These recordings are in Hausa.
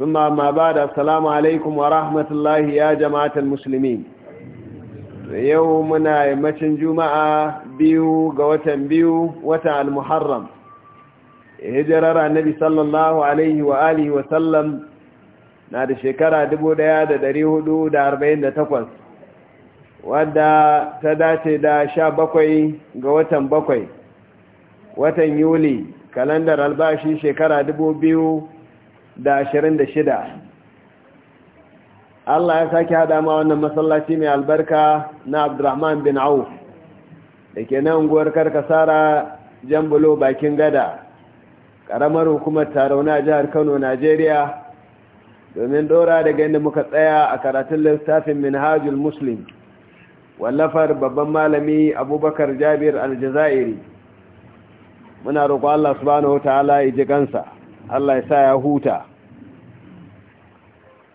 ثم ما بعد السلام عليكم ورحمة الله يا جماعة المسلمين يومنا يمتن جمعة بيو قوتا بيو وتا المحرم هجرر النبي صلى الله عليه وآله وسلم نادي شكرا دبو ديادة دريه دو دا أربعين دا تقوز ودا تداتي دا شا بقوي قوتا بقوي وتا يولي كالندر الباشي شكرا دبو بيو da ashirin da shida Allah ya sake haɗa ma wannan masallaci mai albarka na Abdurrahman bin Auf da ke nan guwar karkasara jambulo bakin gada ƙaramar hukumar taro na jihar Kano Najeriya domin ɗora daga inda muka tsaya a karatun littafin minhajul muslim wallafar babban malami abubakar jabir aljazairi muna roƙo Allah subhanahu wa ta'ala ya ji gansa Allah ya sa ya huta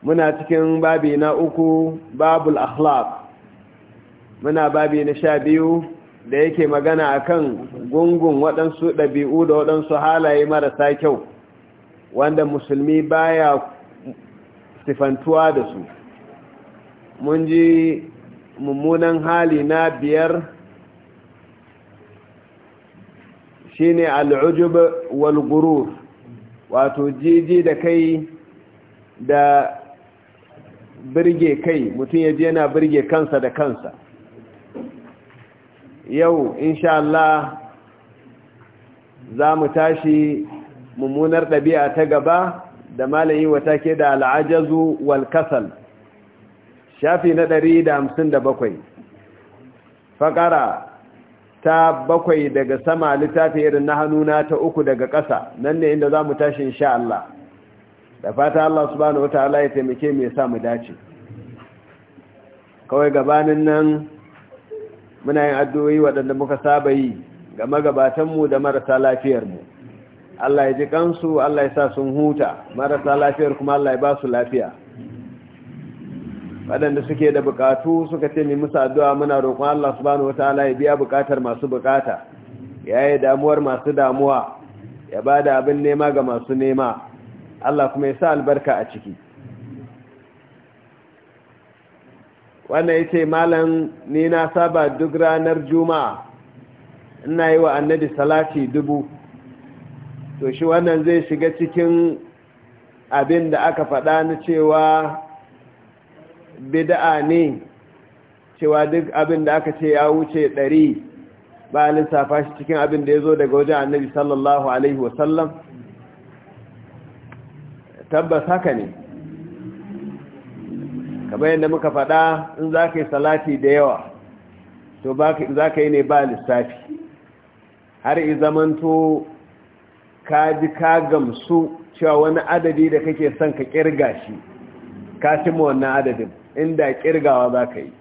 muna cikin babi na uku babul akhlaq muna babi na sha biyu da yake magana akan gungun waɗansu ɗabi'u da waɗansu halaye marasa kyau wanda musulmi baya sifantuwa da su mun ji mummunan hali na biyar shine al'ujub wal gurur wato jiji da kai da birge kai mutum ya ji yana birge kansa da kansa yau insha Allah za mu tashi mummunar ɗabi'a ta gaba da malayi wata ke da al'ajazu wal kasal shafi na ɗari da hamsin da bakwai. faƙara ta bakwai daga sama littafi irin na hannuna ta uku daga ƙasa nan ne inda za mu tashi insha Allah da fata Allah subhanahu wataala ya taimake mu ya sa mu dace kawai gabanin nan muna yin addu'o'i waɗanda muka saba yi ga magabatanmu da marasa lafiyarmu Allah ya ji kansu Allah ya sa sun huta marasa lafiyar kuma Allah ya ba su lafiya waɗanda suke da bukatu suka ce mai musu addu'a muna roƙon Allah subhanahu wataala ya biya bukatar masu bukata ya yi damuwar masu damuwa ya ba da abin nema ga masu nema Allah kuma ya sa albarka a ciki wannan ya ce malam ni na saba duk ranar juma'a ina yi wa annabi salati dubu to shi wannan zai shiga cikin abin da aka faɗa na cewa bida'a ne cewa duk abin da aka ce ya wuce ɗari ba lissafa shi cikin abin da ya zo daga wajen annabi sallallahu alaihi wasallam tabbas haka ne kamar yadda muka faɗa in za ka yi salati da yawa to za ka yi ne ba lissafi har izamanto ka ji ka gamsu cewa wani adadi da kake son ka kirga shi ka cimma wannan adadin inda kirgawa za ka yi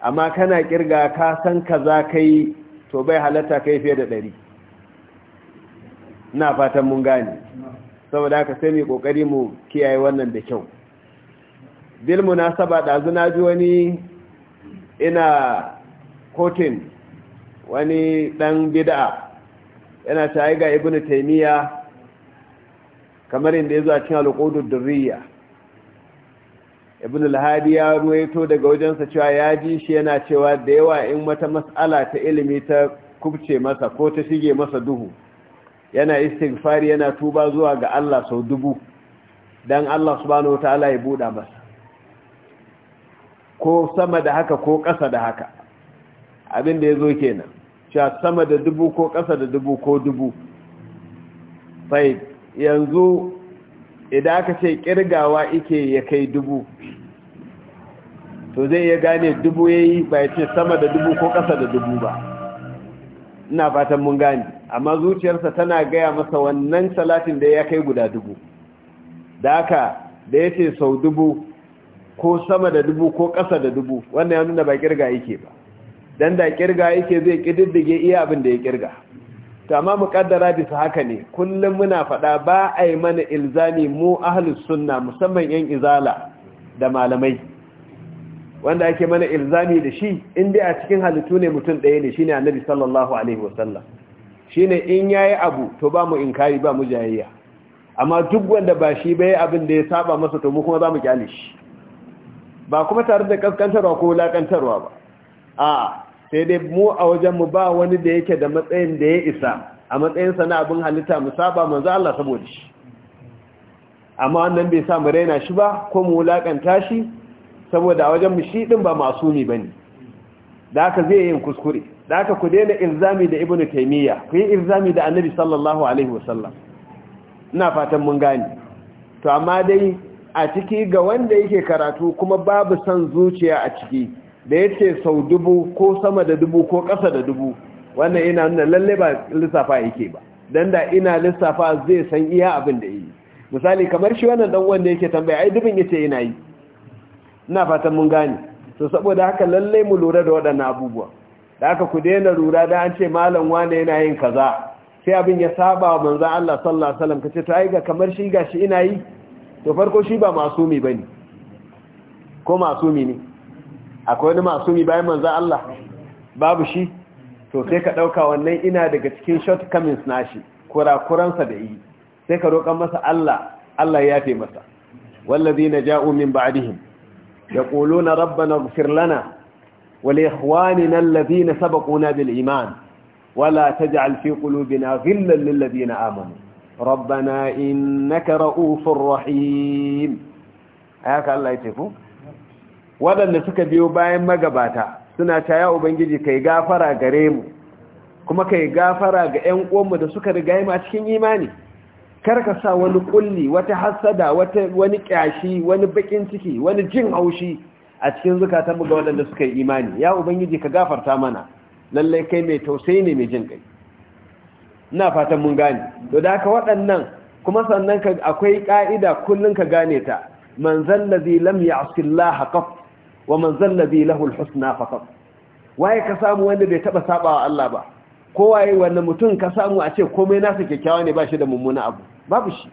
amma kana kirga ka san ka za ka yi to bai halatta yi fiye da ɗari na fatan mun gane saboda haka sai mai kokari mu kiyaye wannan da kyau bil munasaba da zuna ji wani ina kotin wani dan bid'a yana tayi ga ibnu taymiya kamar inda yazo a cin al-qudud durriya ibnu al ya ruwaito daga wajensa cewa ya ji shi yana cewa da yawa in wata mas'ala ta ilimi ta kubce masa ko ta shige masa duhu yana istighfari yana tuba zuwa ga Allah sau dubu dan Allah subhanahu wataala ya buɗa masa ko sama da haka ko ƙasa da haka abin da ya zo kenan cewa sama da dubu ko ƙasa da dubu ko dubu sai yanzu idan aka ce ƙirgawa ike ya kai dubu to zai iya gane dubu ya yi ba ya ce sama da dubu ko ƙasa da dubu ba ina fatan mun gane amma zuciyarsa tana gaya masa wannan salatin da ya kai guda dubu da aka da ya ce sau dubu ko sama da dubu ko ƙasa da dubu wannan ya nuna ba kirga yake ba don da kirga yake zai ƙididdige iya abin da ya kirga to amma muƙaddara bisa haka ne kullum muna faɗa ba a yi mana ilzami mu ahalus sunna musamman yan izala da malamai wanda ake mana ilzami da shi inda a cikin halittu ne mutum ɗaya ne shine annabi sallallahu alaihi wasallam ne in ya yi abu to ba mu inkari ba mu jayayya amma duk wanda ba shi bai abin da ya saba masa to mu kuma za mu kyale shi ba kuma tare da kaskantarwa ko lakantarwa ba a sai dai mu a wajen mu ba wani da yake da matsayin da ya isa a matsayin sa na abin halitta mu saba manzo Allah saboda shi amma wannan bai sa mu raina shi ba ko mu lakanta shi saboda a wajen mu shi din ba masumi bane da haka zai yin kuskure da aka ku daina ilzami da ibnu taymiya ku yi ilzami da annabi sallallahu alaihi wasallam ina fatan mun gani. to amma dai a ciki ga wanda yake karatu kuma babu son zuciya a ciki da yace sau dubu ko sama da dubu ko ƙasa da dubu wannan ina nuna lalle ba lissafa yake ba dan da ina lissafa zai san iya abin da yi misali kamar shi wannan dan wanda yake tambaya ai dubin yace ina yi ina fatan mun gani. to saboda haka lalle mu lura da waɗannan abubuwa da aka ku daina rura da an ce malam wane yana yin kaza sai abin ya saba wa manzon Allah sallallahu alaihi wasallam kace to ai ga kamar shi gashi ina yi to farko shi ba masumi bane ko masumi ne akwai wani masumi bayan manzon Allah babu shi to sai ka dauka wannan ina daga cikin shortcomings nashi kurakuransa da yi sai ka roƙa masa Allah Allah ya fi masa wallazina ja'u min ba'dihim yaquluna rabbana ighfir lana ولإخواننا الذين سبقونا بالإيمان ولا تجعل في قلوبنا غلا للذين آمنوا ربنا إنك رؤوف رحيم haka Allah ya ce ku waɗanda suka biyo bayan magabata suna taya ubangiji kai gafara gare mu kuma kai gafara ga 'yan uwan mu da suka riga mu a cikin imani kar ka sa wani kulli wata hasada wata wani ƙyashi, wani bakin ciki wani jin haushi a cikin zukatanmu ga waɗanda suka yi imani ya ubangiji ka gafarta mana lallai kai mai tausayi ne mai jin kai ina fatan mun gane to da haka waɗannan kuma sannan ka akwai ka'ida kullun ka gane ta man zallazi lam ya'sil Allah qaf wa man zallazi lahu alhusna faqat waye ka samu wanda bai taba sabawa Allah ba ko waye wanda mutum ka samu a ce komai nasa kyakkyawa ne ba shi da mummuna abu babu shi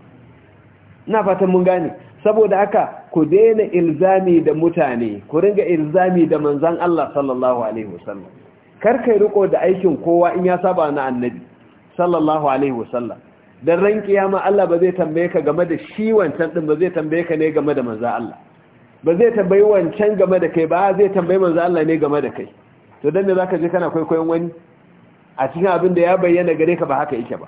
ina fatan mun gane saboda haka ku daina ilzami da mutane ku ringa ilzami da manzan Allah sallallahu alaihi wasallam kar kai riko da aikin kowa in ya saba na annabi sallallahu alaihi wasallam dan ran kiyama Allah ba zai tambaye ka game da shi wancan din ba zai tambaye ka ne game da manzan Allah ba zai tambayi wancan game da kai ba zai tambayi manzan Allah ne game da kai to dan me zaka je kana kwaikwayon wani a cikin abin da ya bayyana gare ka ba haka yake ba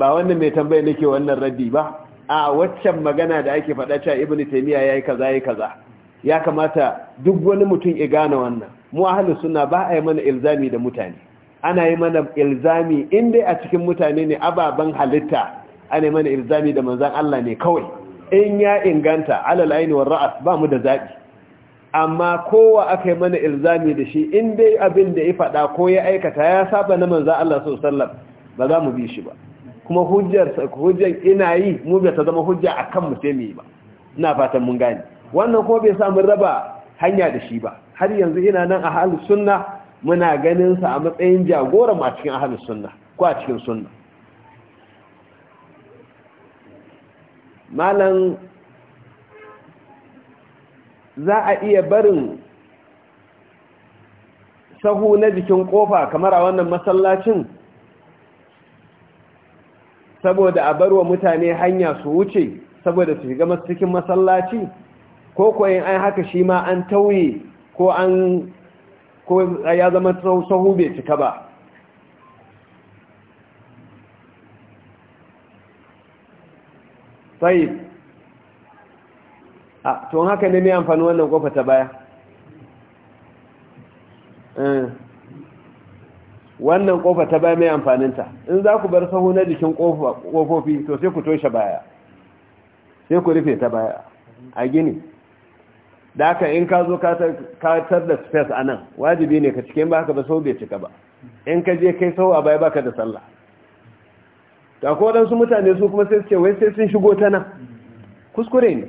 ba wannan mai tambaye nake wannan raddi ba a waccan magana da ake faɗa cewa ibn taymiya yayi kaza yayi kaza ya kamata duk wani mutum ya gane wannan mu ahlus sunna ba a yi mana ilzami da mutane ana yi mana ilzami in dai a cikin mutane ne ababen halitta ana yi mana ilzami da manzon Allah ne kawai in ya inganta alal aini war ra'as ba mu da zabi amma kowa aka yi mana ilzami da shi in dai abin da ya faɗa ko ya aikata ya saba na manzon Allah sallallahu alaihi wasallam ba za mu bi shi ba kuma hujjar hujjar ina yi mu bai ta zama hujja akan mu sai mu yi ba ina fatan mun gane wannan ko bai sa mun raba hanya da shi ba har yanzu ina nan a halin sunna muna ganin sa a matsayin jagora a cikin halin sunna ko a cikin sunna malam za a iya barin sahu na jikin kofa kamar a wannan masallacin saboda a barwa mutane hanya su wuce saboda su shiga cikin masallaci ko koyin an haka shi ma an tauye ko an ko ya zama sahu bai cika ba sai a tun haka ne mai amfani wannan kofa ta baya eh. wannan kofa ta bai mai amfaninta in za ku bar sahu na jikin kofofi to sai ku toshe baya sai ku rufe ta baya a gini da haka in ka zo katar da space a nan wajibi ne ka cikin ba ka ba sau bai cika ba in ka je kai sau a baya baka da sallah ta kodansu mutane su kuma sai su ce wai sai sun shigo ta nan kuskure ne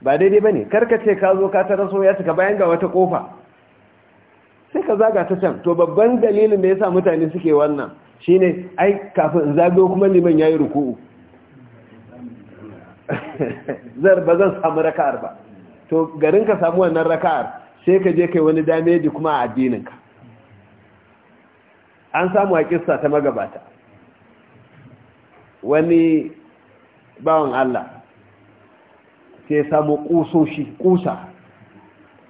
ba daidai ba ne karkace ka zo ka tara so ya cika bayan ga wata kofa sai ka zaga ta can to babban dalilin da yasa mutane suke wannan shine ai kafin in kuma liman yayi ruku'u zar ba zan samu raka'ar ba to garin ka samu wannan raka'ar sai ka je kai wani dameji kuma a addininka an samu a kissa ta magabata wani bawan Allah sai samu kusoshi kusa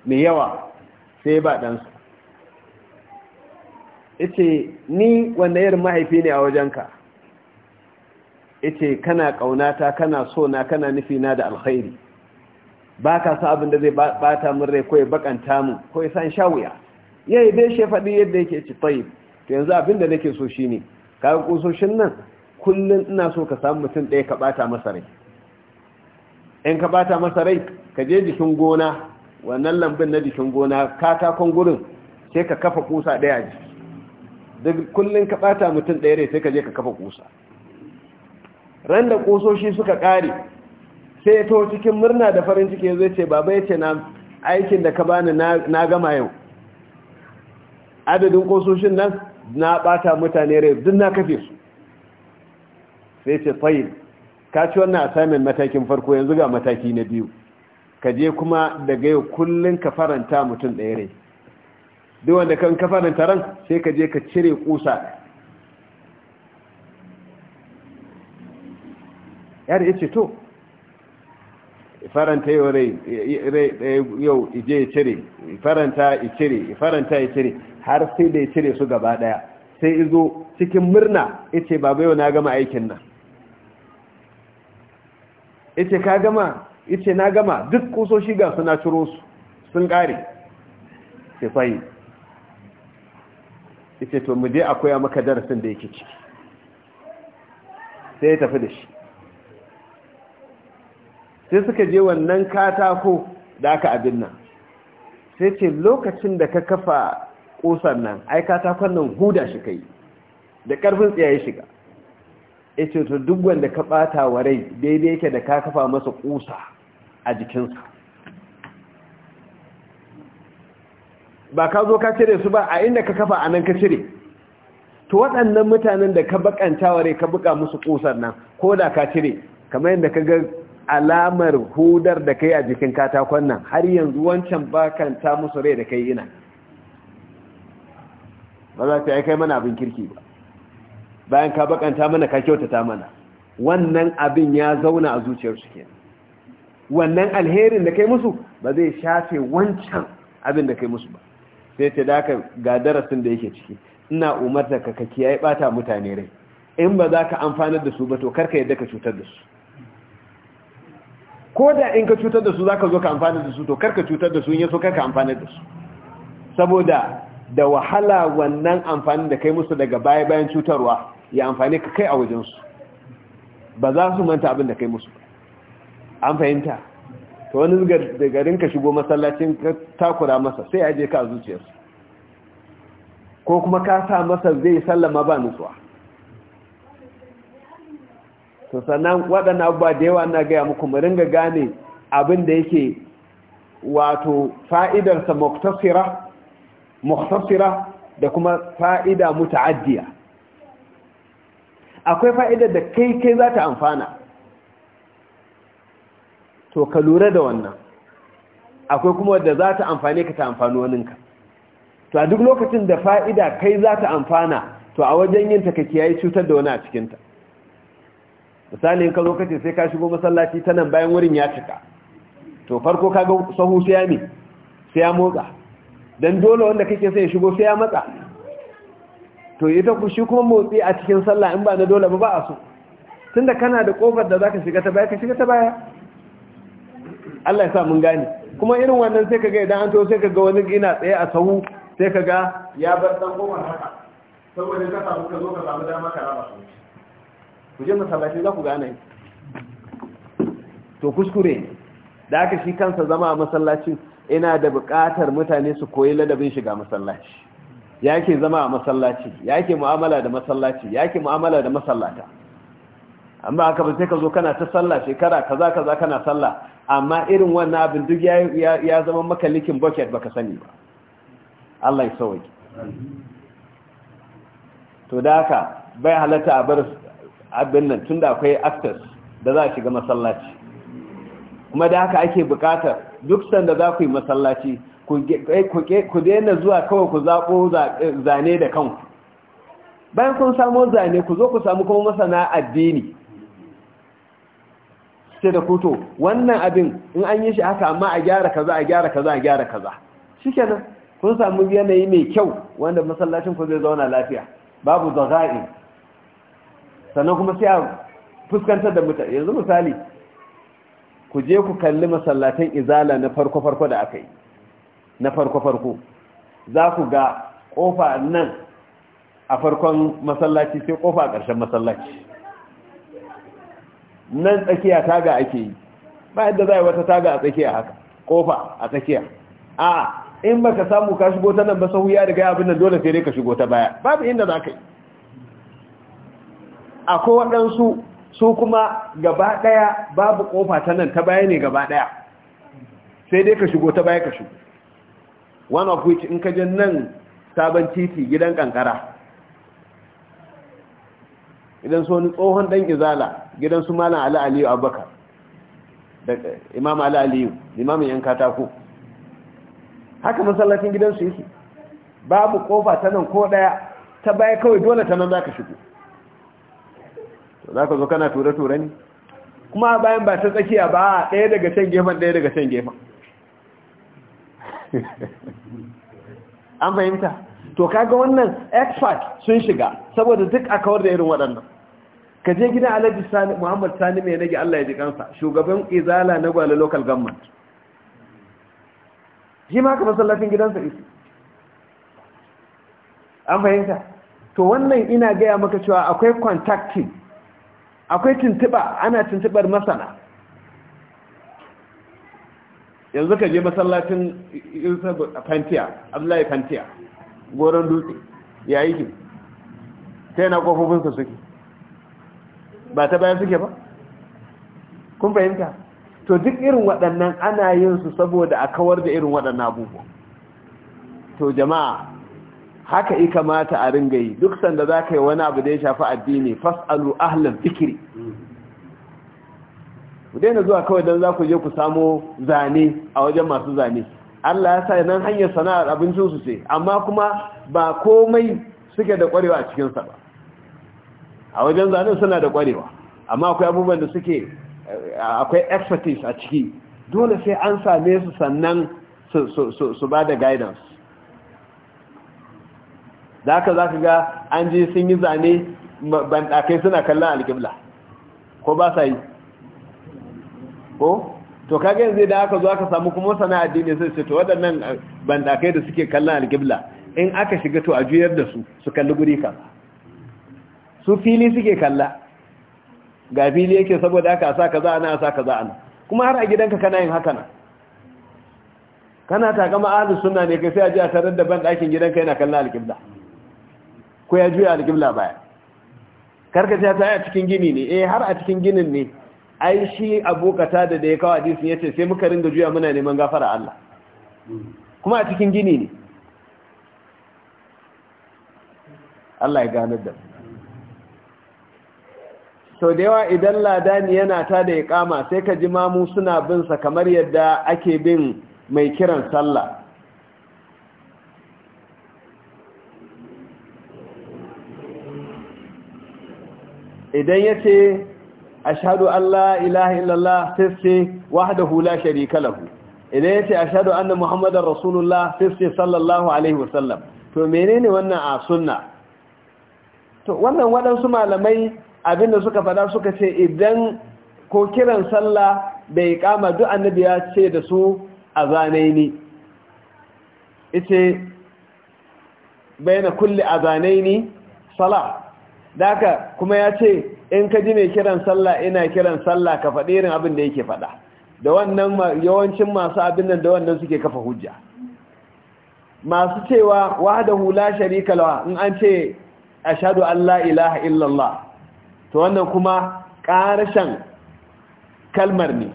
mai yawa sai ba ɗansu. ita ni wanda yar mahaifi ne a wajenka ita kana kaunata kana so na kana nufi na da alkhairi baka sa abin da zai bata min rai ko ya bakanta mu ko ya san shawuya yayi dai she fadi yadda yake ci tayyib to yanzu abin da nake so shine ga kusoshin nan kullun ina so ka samu mutum ɗaya ka bata masa rai in ka bata masa rai ka je jikin gona wannan lambun na jikin gona katakon gurin sai ka kafa kusa ɗaya ji duk kullun ka bata mutum ɗaya rai sai ka je ka kafa kusa ran da kusoshi suka ƙare sai to cikin murna da farin ciki zai ce baba ya ce na aikin da ka bani na gama yau adadin kusoshin nan na ɓata mutane rai duk na kafe su sai ce fayin ka ci wannan assignment matakin farko yanzu ga mataki na biyu ka je kuma daga yau kullun ka faranta mutum ɗaya rai duk wanda kan kafanin taron sai ka je ka cire kusa Yadda ya ce to faranta yau rai yau ije ya cire faranta ya cire faranta ya cire har sai da ya cire su gaba daya sai izo cikin murna ya ce baba yau na gama aikin nan ya ce ka gama ya ce na gama duk kusoshi ga suna ciro su sun kare sai fahimta ita to mu je a koya maka darasin da yake ciki sai ya tafi da shi sai suka je wannan katako da aka abin nan sai ce lokacin da ka kafa kusan nan ai katakon nan huda shi kai da karfin ya shiga ce to duk wanda ka bata wa rai daidai yake da ka kafa masa kusa a jikinsa ba ka zo ka cire su ba a inda ka kafa a nan ka cire to waɗannan mutanen da ka bakantawa ka buka musu kusar nan ko da ka cire kamar yadda ka ga alamar hudar da kai a jikin katakon nan har yanzu wancan bakanta musu rai da kai ina ba za ta yi kai mana abin kirki ba bayan ka bakanta mana ka kyautata mana wannan abin ya zauna a zuciyar kenan wannan alherin da kai musu ba zai shafe wancan abin da kai musu ba sai ce da ga darasin da yake ciki ina umarta ka kaki yi bata mutane rai in ba za ka amfanar da su ba to karka yadda ka cutar da su ko da in ka cutar da su za ka zo ka amfanar da su to karka cutar da su in yaso karka amfanar da su saboda da wahala wannan amfani da kai musu daga baya bayan cutarwa ya amfani ka kai a wajensu ba za su manta abin da kai musu an fahimta to wani da garin ka shigo masallacin ka takura masa sai aje ka zuciyarsu. ko kuma ka sa masa zai sallama ba nutsuwa to sannan waɗannan abubuwa da yawa na gaya muku mu ringa gane abin da yake wato fa'idarsa muktasira da kuma fa'ida muta'addiya akwai fa'idar da kai kai za ta amfana to ka lura da wannan akwai kuma wadda za ta amfani ka ta amfani waninka to a duk lokacin da fa'ida kai za ta amfana to a wajen yin ta ka yayi cutar da wani a cikinta misali in ka kace sai ka shigo masallaci ta nan bayan wurin ya cika to farko ka ga sahu sai ya ne sai ya motsa don dole wanda kake sai ya shigo sai ya matsa to ita ku shi kuma motsi a cikin sallah in ba na dole ba ba a so tunda kana da kofar da zaka shiga ta baya ka shiga ta baya Allah ya sa mun gane kuma irin wannan sai kaga idan an to sai kaga wani ina tsaye a sahu sai kaga ya bar dan goma haka saboda ka samu ka zo ka samu dama ka raba su ku je masallaci za ku gane to kuskure da aka shi kansa zama a masallacin ina da buƙatar mutane su koyi ladabin shiga masallaci yake zama a masallaci yake mu'amala da masallaci yake mu'amala da masallata amma aka ba sai ka zo kana ta sallah shekara kaza kaza kana sallah amma irin wannan abin duk ya zama maka likin bucket baka sani ba Allah ya sauke to da haka bai halatta a bar abin nan tunda akwai actors da za a shiga masallaci kuma da haka ake bukatar duk sanda za ku yi masallaci ku eh, daina zuwa kawai ku zaɓo eh, zane da kanku bayan kun samu zane ku zo ku samu kuma masana addini sai da koto wannan abin in an yi shi haka amma a gyara kaza a gyara kaza a gyara kaza shikenan kun samu yanayi mai kyau wanda masallacin ku zai zauna lafiya babu zaga'i sannan kuma sai a fuskantar da mutane yanzu misali ku je ku kalli masallatan izala na farko farko da aka yi na farko farko za ku ga kofa nan a farkon masallaci sai kofa a ƙarshen masallaci nan tsakiya taga ake yi ba yadda za a yi wata taga a tsakiya haka kofa a tsakiya a in ba ka samu ka shigo ta nan ba sahu ya riga abin nan dole sai dai ka shigo ta baya babu inda za ka yi akwai waɗansu su kuma gaba ɗaya babu kofa ta nan ta baya ne gaba ɗaya sai dai ka shigo ta baya ka shigo one of which in ka je nan sabon titi gidan kankara idan so ni tsohon dan izala gidan su malam ala aliyu abubakar da imam ala aliyu limamin yan katako haka masallacin gidansu yake babu kofa ta nan ko daya ta baya kawai dole ta nan zaka shigo to zaka zo kana tura tura ne kuma bayan ba ta tsakiya ba daya daga can gefen daya daga can gefen an fahimta to kaga wannan expert sun shiga saboda duk a kawar da irin waɗannan ka je gidan alhaji sani muhammad sani mai nage allah ya ji kansa shugaban izala na gwale local government shi ma ka masallacin gidansa isi an fahimta to wannan ina gaya maka cewa akwai contacting akwai tuntuɓa ana tuntuɓar masana yanzu ka je masallacin fantiya abdullahi fantiya goron dutse ya yi ki sai na kofofinsa suke ba ta bayan suke ba kun fahimta to duk irin waɗannan ana yin su saboda a kawar da irin waɗannan abubuwa to jama'a haka yi kamata a ringa yi duk sanda za ka yi wani abu da ya shafi addini fas'alu ahlan zikiri ku daina zuwa kawai don za ku je ku samo zane a wajen masu zane Allah ya sa nan hanyar sana'ar abincinsu ce amma kuma ba komai suke da ƙwarewa a cikinsa ba a wajen zanen suna da kwarewa amma akwai abubuwan da suke akwai expertise a ciki dole sai an same su sannan su ba da guidance za ka za ga an ji sun yi zane bandakai suna kallon alkibla ko ba sa yi ko to kage yanzu da aka zo aka samu kuma sana addini sai su to waɗannan eh, bandakai da suke kallon alkibla in aka shiga to a juyar da su su kalli guri kaza su fili suke kalla ga fili yake saboda aka sa kaza ana sa kaza ana kuma har a gidanka kana yin haka na kana taka ahli sunna ne kai sai a ji a tarar da ban ɗakin gidanka yana kalla alƙibla ko ya juya alƙibla baya karkace ta a cikin gini ne eh har a cikin ginin ne ai shi abokata da da ya kawo hadisi yace sai muka ringa juya muna neman gafara Allah kuma a cikin gini ne Allah ya ganar da mu sau da yawa idan ladani yana ta da ya kama sai ka ji mamu suna bin sa kamar yadda ake bin mai kiran sallah idan ya ce a shaɗu Allah ilaha illallah sai wahdahu la sharika lahu idan ya ce a shaɗu an da muhammadar rasulullah sai sallallahu alaihi wasallam to menene wannan a sunna to wannan waɗansu malamai abinda suka fada suka ce idan ko kiran sallah bai kama duk annabi ya ce da su zanai ne ita bayana kulli azanai ne sala daga kuma ya ce in ka ji mai kiran sallah ina kiran sallah ka faɗi irin abin da yake faɗa da wannan yawancin masu abin nan da wannan suke kafa hujja masu cewa wahdahu la sharika lahu in an ce ashhadu an la ilaha illallah to wannan kuma ƙarashen kalmar ne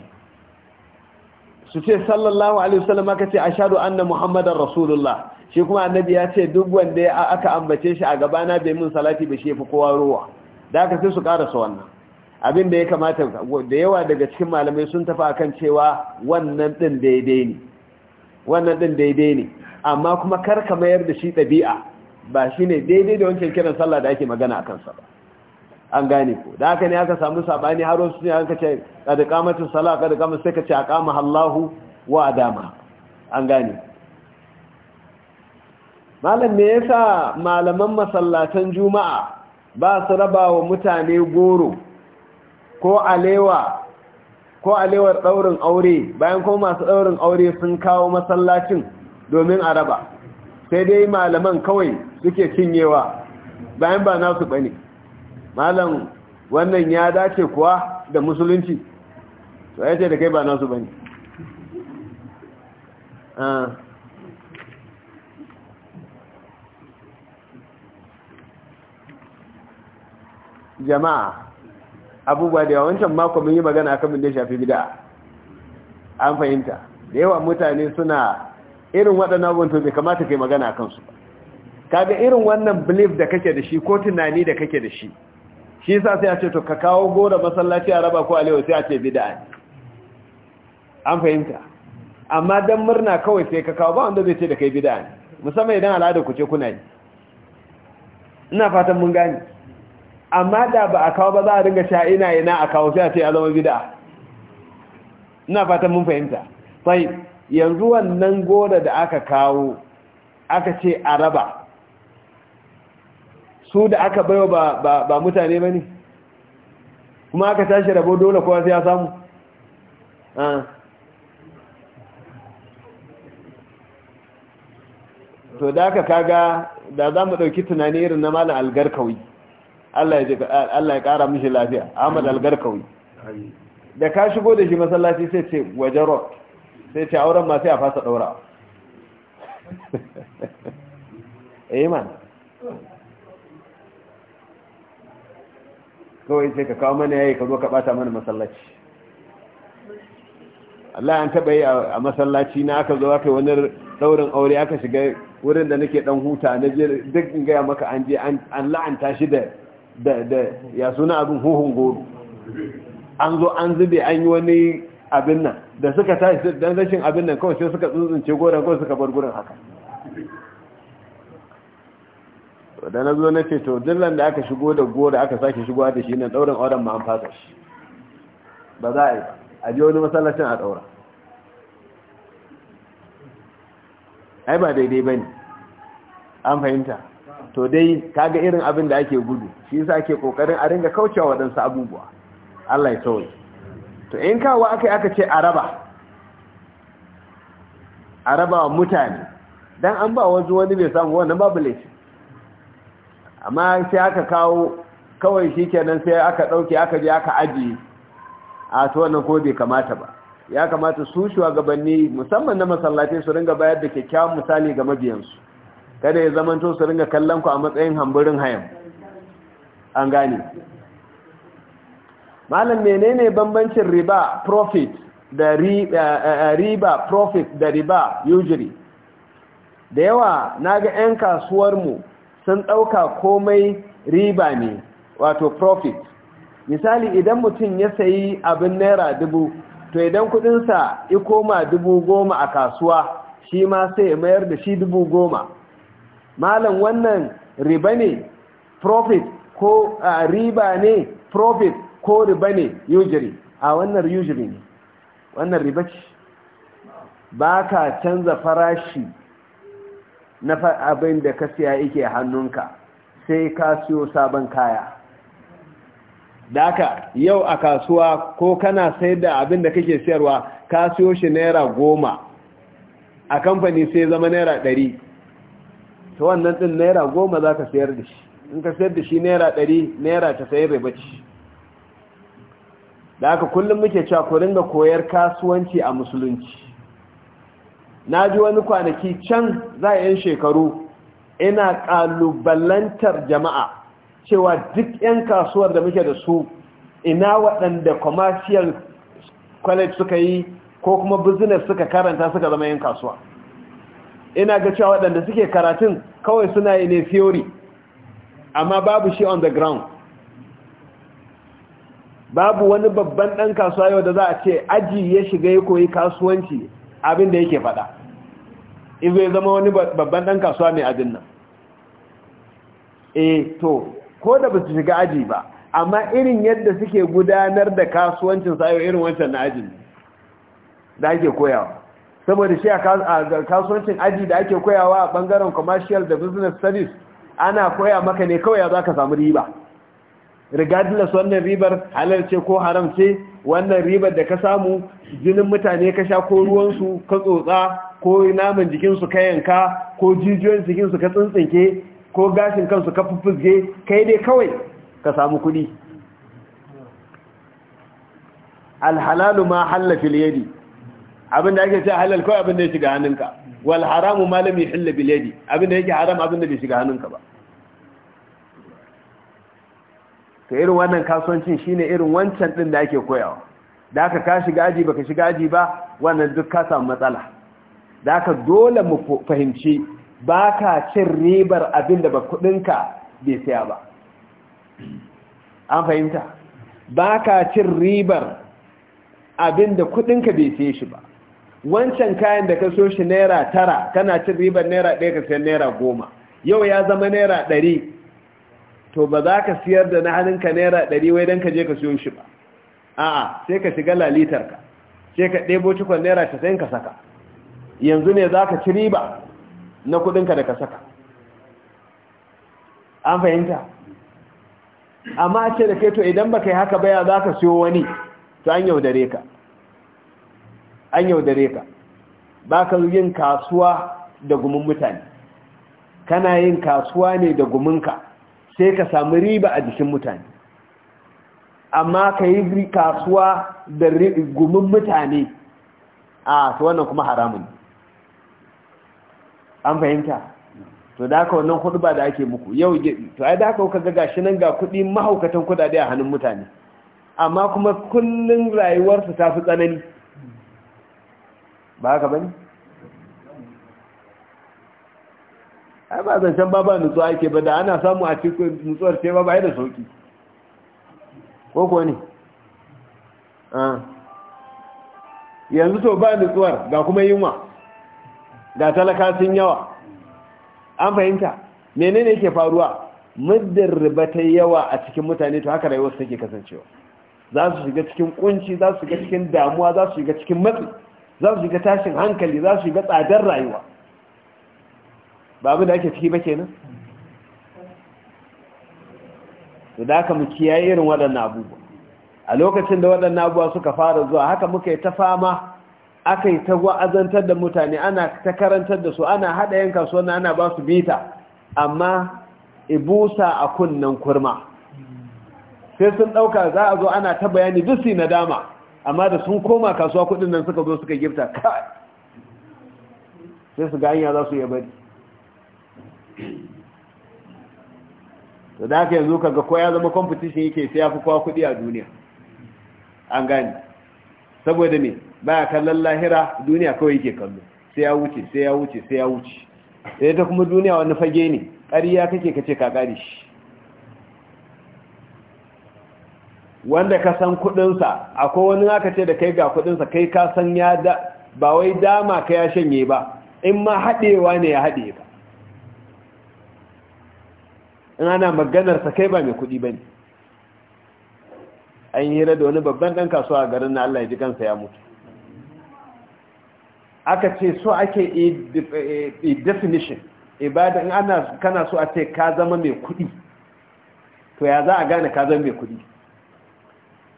su ce sallallahu alaihi wasallam aka ce ashhadu anna muhammadar rasulullah shi kuma annabi ya ce duk wanda aka ambace shi a gabana bai mun salati ba shi yafi kowa ruwa da aka sai su karasa wannan abin da ya kamata da yawa daga cikin malamai sun tafi akan cewa wannan din daidai ne wannan din daidai ne amma kuma kar ka mayar da shi ɗabi'a ba shi shine daidai da wancan kiran sallah da ake magana a kansa ba an gane ko da haka ne aka samu sabani har wasu ne aka ce kada kamatin sala kada kama sai ka ce aqama Allahu wa adama an gane malam me yasa malaman masallatan juma'a ba su raba wa mutane goro ko alewa ko alewar daurin aure bayan kuma masu daurin aure sun kawo masallacin domin a raba sai dai malaman kawai suke cinyewa bayan ba nasu bane malam wannan ya dace kuwa da musulunci to ya ce da kai ba nasu bane ah. jama'a abubuwa da wancan mako mun yi magana akan da shafi bid'a an fahimta da yawa mutane suna irin waɗannan abubuwan to bai kamata kai magana akan su ba kaga irin wannan belief da kake da shi ko tunani da kake da shi shi sa sai a ce to ka kawo goro masallaci a raba ko alewa sai a ce bid'a ne an fahimta amma don murna kawai sai ka kawo ba wanda zai ce da kai bid'a ne musamman idan al'adar ku ce kuna yi ina fatan mun gane amma da ba a kawo ba za a dinga sha ina ina a kawo sai a ce ya zama bid'a ina fatan mun fahimta sai yanzu wannan goro da aka kawo aka ce a raba su da aka baiwa ba mutane ba ne kuma aka tashi rabo dole kowa sai ya samu ah. to da aka kaga da za mu ɗauki tunani irin na malam algarkawi Allah ya ƙara mishi lafiya ahmad algarkawi da ka shigo da shi masallaci sai ce waje rock sai ce auren masu ya fasa ɗaura amen eh, kawai sai ka kawo mana yayi ka zo ka bata mana masallaci Allah an taba yi a masallaci na aka zo aka wani daurin aure aka shiga wurin da nake dan huta na je duk in gaya maka an je an la'anta shi da da ya suna abin huhun goro an zo an zube an yi wani abin nan da suka tashi dan rashin abin nan kawai sai suka tsuntsunce goron kawai suka bar gurin haka to da na zo na ce to dillan da aka shigo da goro aka sake shigo da shi ne daurin auren ma an fasa shi ba za a yi a je wani masallacin a daura ai ba daidai bane an fahimta to dai kaga irin abin da ake gudu shi yasa ake kokarin a ringa kaucewa wadansu abubuwa Allah ya tsawaye to in kawo aka aka ce araba araba mutane dan an ba wani wani bai samu wannan babu laifi amma sai aka kawo kawai shi kenan sai aka ɗauke aka je aka aji. a to wannan ko bai kamata ba ya kamata su shugabanni musamman na masallatai su ringa bayar da kyakkyawan misali ga mabiyansu kada ya zamanto su ringa kallon ku a matsayin hamburin hayan an gane malam menene bambancin riba profit da eh, eh, eh, riba profit da riba usury da yawa na ga 'yan kasuwar mu sun ɗauka komai riba ne wato profit misali idan mutum ya sayi abin naira dubu to idan kudinsa ya koma dubu goma a kasuwa shi ma sai ya mayar da shi dubu goma malam wannan riba ne profit ko riba ne profit ko riba ne usury a wannan usury ne wannan riba ce ba ka canza farashi na abin da ka siya yake hannunka sai ka siyo sabon kaya daka yau a kasuwa ko kana sayar da abin da kake siyarwa ka siyo shi naira goma a kamfani sai zama naira ɗari ta wannan ɗin naira goma za ka sayar da shi in ka sayar da shi naira ɗari naira ta sayar da bacci. da haka kullum muke cakurin da koyar kasuwanci a musulunci na ji wani kwanaki can za a yan shekaru ina ƙalubalantar jama'a cewa duk 'yan kasuwar da muke da su ina waɗanda commercial college suka yi ko kuma business suka karanta suka zama 'yan kasuwa ina ga cewa waɗanda suke karatun kawai suna yi ne theory amma babu shi on the ground babu wani babban ɗan kasuwa yau da za a ce aji ya shiga ya koyi kasuwanci abin da yake faɗa in zai zama wani babban dan kasuwa mai abin nan e to ko da ba su shiga aji ba amma irin yadda suke gudanar da kasuwancin yau irin wancan na ajin da ake koyawa saboda shi a kasuwancin aji da ake koyawa a bangaren commercial da business service, ana koya maka ne kawai za ka samu riba regardless wannan ribar halarce ko haram ce wannan ribar da ka samu jinin mutane ka sha ko ruwansu ka tsotsa ko naman jikinsu ka yanka ko jijiyoyin jikinsu ka tsintsinke ko gashin kansu ka fuffuge kai dai kawai ka samu kuɗi alhalalu ma halla fil yadi da ake ce halal kawai da ya shiga hannunka wal haramu ma lam yahilla bil yadi da yake haram da bai shiga hannunka ba to irin wannan kasuwancin shine irin wancan din da ake koyawa da aka ka shiga aji baka shiga aji ba wannan duk ka samu matsala da aka dole mu fahimci ba ka cin ribar abin da ba kudinka bai saya ba an fahimta ba ka cin ribar abin da kudinka bai saye shi ba wancan kayan da ka so shi naira tara kana cin ribar naira ɗaya ka sayan naira goma yau ya zama naira ɗari to ba za ka siyar da na halinka naira ɗari wai don ka je ka siyo shi ba a'a sai ka shiga lalitarka sai ka ɗebo cikon naira ta casa'in ka saka yanzu ne za ka ci riba na kuɗinka da ka saka an fahimta amma ce da ke to idan ba ka yi haka baya za ka siyo wani to an yaudare ka an yaudare ka ba ka yin kasuwa da gumin mutane kana yin kasuwa ne da guminka sai ka samu riba a jikin mutane amma ka yi kasuwa da gumin mutane a su wannan kuma haramun an fahimta to da haka wannan hudu ba da ake muku yau to ai da haka kuka ga gashi nan ga kudi mahaukatan kudade a hannun mutane amma kuma kullum rayuwarsu ta fi tsanani ba haka bane ai ba zancen ba ba nutsuwa ake ba da ana samu a cikin nutsuwar ce ba ba da sauki ko ko ne ah. yanzu to ba nutsuwar ga kuma yunwa ga talaka sun yawa an fahimta menene yake faruwa muddin ribatai yawa a cikin mutane to haka rayuwar take kasancewa za su shiga cikin kunci za su shiga cikin damuwa za su shiga cikin matsi za su shiga tashin hankali za su shiga tsadar rayuwa ba abin da ake ciki ba kenan da daga mu kiyaye irin waɗannan abubuwa a lokacin da waɗannan abubuwa suka fara zuwa haka muka yi ta fama aka yi ta wa'azantar da mutane ana ta karantar da su ana haɗa yan kasuwanni ana ba su bita amma ibusa a kunnen kurma sai sun ɗauka za a zo ana ta bayani duk na dama amma da sun koma kasuwa kuɗin nan suka zo suka gifta kai sai su ga hanya za su yi bari to da haka yanzu kaga ko ya zama competition yake sai ya fi kowa a duniya an gani saboda me ya kallon lahira duniya kawai yake kallo sai ya wuce sai ya wuce sai ya wuce sai ta kuma duniya wani fage ne ƙariya kake kace ka ƙari shi wanda ka san kudinsa akwai wani aka ce da kai ga kudinsa kai ka san ya da ba wai dama ka ya shanye ba in ma haɗewa ne ya haɗe in ana maganar kai ba mai kuɗi ba ne an yi hira da wani babban ɗan kasuwa a garin na Allah ya ji kansa ya mutu aka ce so ake a definition ibada in ana kana so a ce ka zama mai kuɗi to ya za a gane ka zama mai kuɗi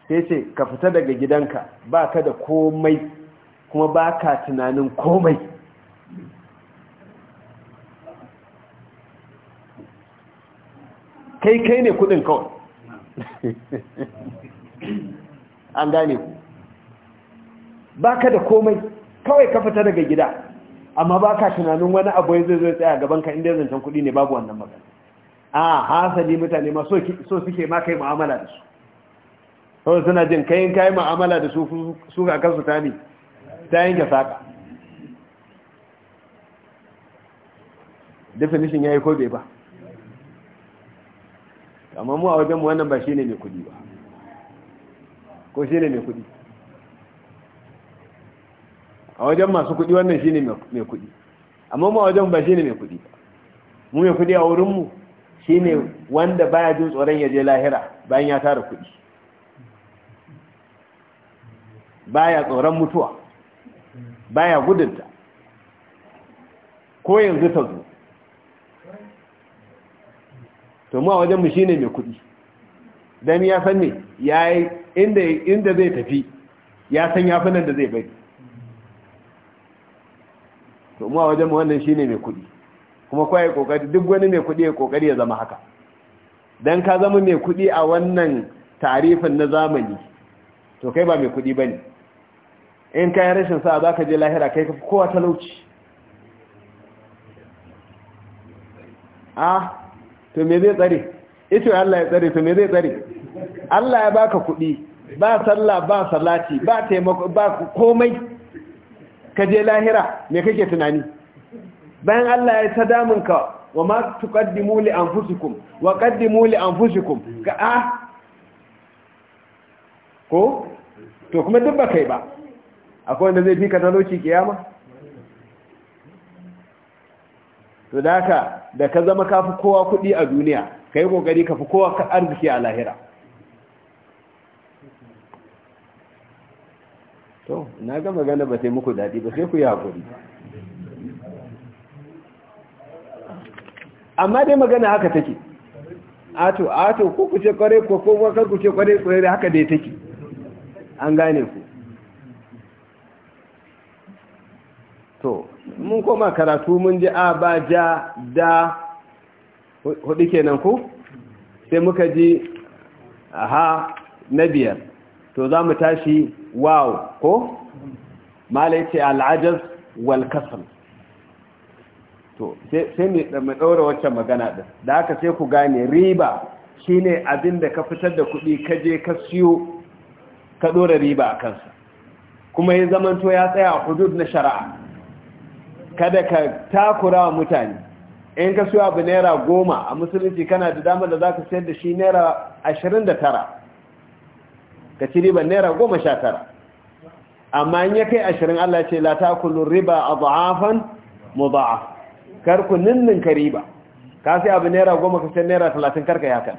sai ce ka fita daga gidanka ba ka da komai kuma ba ka tunanin komai kai kai ne kudin kawai an gane ku ba ka da komai kawai ka fita daga gida amma ba ka tunanin wani abu zai zai tsaya gaban ka inda zancen kudi ne babu wannan magana a hasali mutane ma so suke ma kai mu'amala da su sau suna jin kayan kayan ma'amala da su su ga kansu ta ne ta yanke saka definition ya yi kobe ba amma mu a wajen mu wannan ba shi ne mai kudi ba ko shi ne mai kudi a wajen masu kudi wannan shi ne mai kudi amma mu a wajen ba shi ne mai kudi ba mu mai kudi a wurinmu shi ne wanda baya jin tsoron ya je lahira bayan ya tara kudi baya tsoron mutuwa baya gudunta ko yanzu ta zuwa to mu a wajen mu shine mai kuɗi dan ya san ne yayi inda inda zai tafi ya san ya nan da zai bari to mu a wajen mu wannan shine mai kuɗi kuma kwaye kokari duk wani mai kuɗi ya kokari ya zama haka dan ka zama mai kuɗi a wannan tarifin na zamani to kai ba mai kuɗi bane in kai rashin sa za ka je lahira kai ka kowa talauci a ah, to me zai tsare ito Allah ya tsare to me zai tsare Allah ya baka kuɗi ba sallah ba salati ba taimako ba komai ka je lahira me kake tunani bayan Allah ya ta damun ka wa ma tuqaddimu li anfusikum wa qaddimu li anfusikum ka a ko to kuma duk ba kai ba akwai wanda zai fi ka talauci kiyama to da haka da ka zama kafi kowa kuɗi a duniya ka yi ƙoƙari ka fi kowa ka arziki a lahira to na ga magana ba sai muku daɗi ba sai ku yi haƙuri amma dai magana haka take ato ato ko ku kuce kware ko ko kar ku ce kware kware haka dai take an gane ku to mun koma karatu mun ji a ba ja da hudu kenan ku sai muka ji ha na biyar to za mu tashi waw ko mala ce al'ajaz wal to sai mu ɗaura waccan magana ɗin da haka sai ku gane riba shine abin da ka fitar da kuɗi ka je ka siyo ka ɗora riba a kansa kuma ya zamanto ya tsaya a hudud na shari'a kada ka takura wa mutane in ka siyo abu naira goma a musulunci kana da damar da za ka sayar da shi naira ashirin da tara ka ci riba naira goma sha tara amma in ya kai ashirin allah ce la takulun riba a ba'afan mu ba'a karku ninnin ka riba ka sai abu naira goma ka sayar naira talatin karka ya kan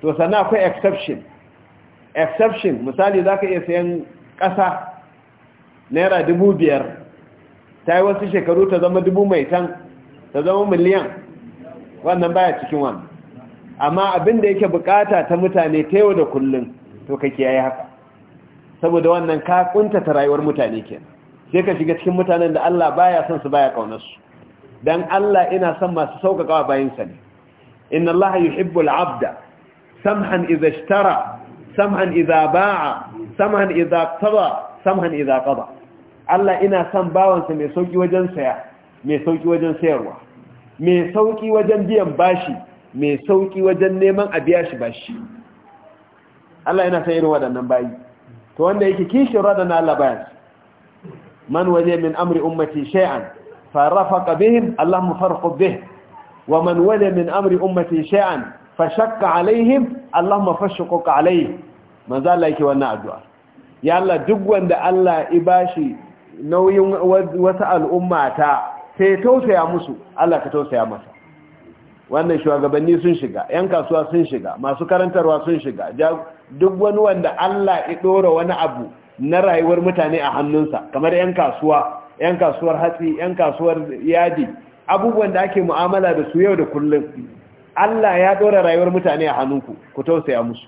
to sannan akwai exception exception misali za ka iya sayan ƙasa naira dubu biyar ta yi wasu shekaru ta zama dubu mai tan ta zama miliyan wannan baya cikin wannan amma abin da yake bukata ta mutane ta yau da kullum to ka kiyaye haka saboda wannan ka kunta ta rayuwar mutane ke. sai ka shiga cikin mutanen da Allah baya son su baya kaunar su dan Allah ina son masu sauƙaƙawa bayin sa ne inna Allah yuhibbul abda samhan idza ishtara samhan idza ba'a samhan idza qada samhan idza qada Allah ina son bawansa mai sauki wajen saya mai sauki wajen sayarwa mai sauki wajen biyan bashi mai sauki wajen neman a biya shi bashi Allah yana son irin waɗannan bayi to wanda yake kishin waɗannan Allah bayan man waje min amri ummati shay'an farafaqa bihim Allahumma farqu bih wa man waje min amri ummati shay'an fashakka alaihim Allahumma fashquq alaihim manzo Allah yake wannan addu'a ya Allah duk wanda Allah ibashi nauyin wasu al'umma ta sai tausaya musu Allah ka tausaya masa wannan shugabanni sun shiga yan kasuwa sun shiga masu karantarwa sun shiga duk wani wanda Allah ya ɗora wani abu na rayuwar mutane a hannunsa kamar yan kasuwa yan kasuwar hatsi yan kasuwar yadi abubuwan da ake mu'amala da su yau da kullum Allah ya ɗora rayuwar mutane a hannunku ku tausaya musu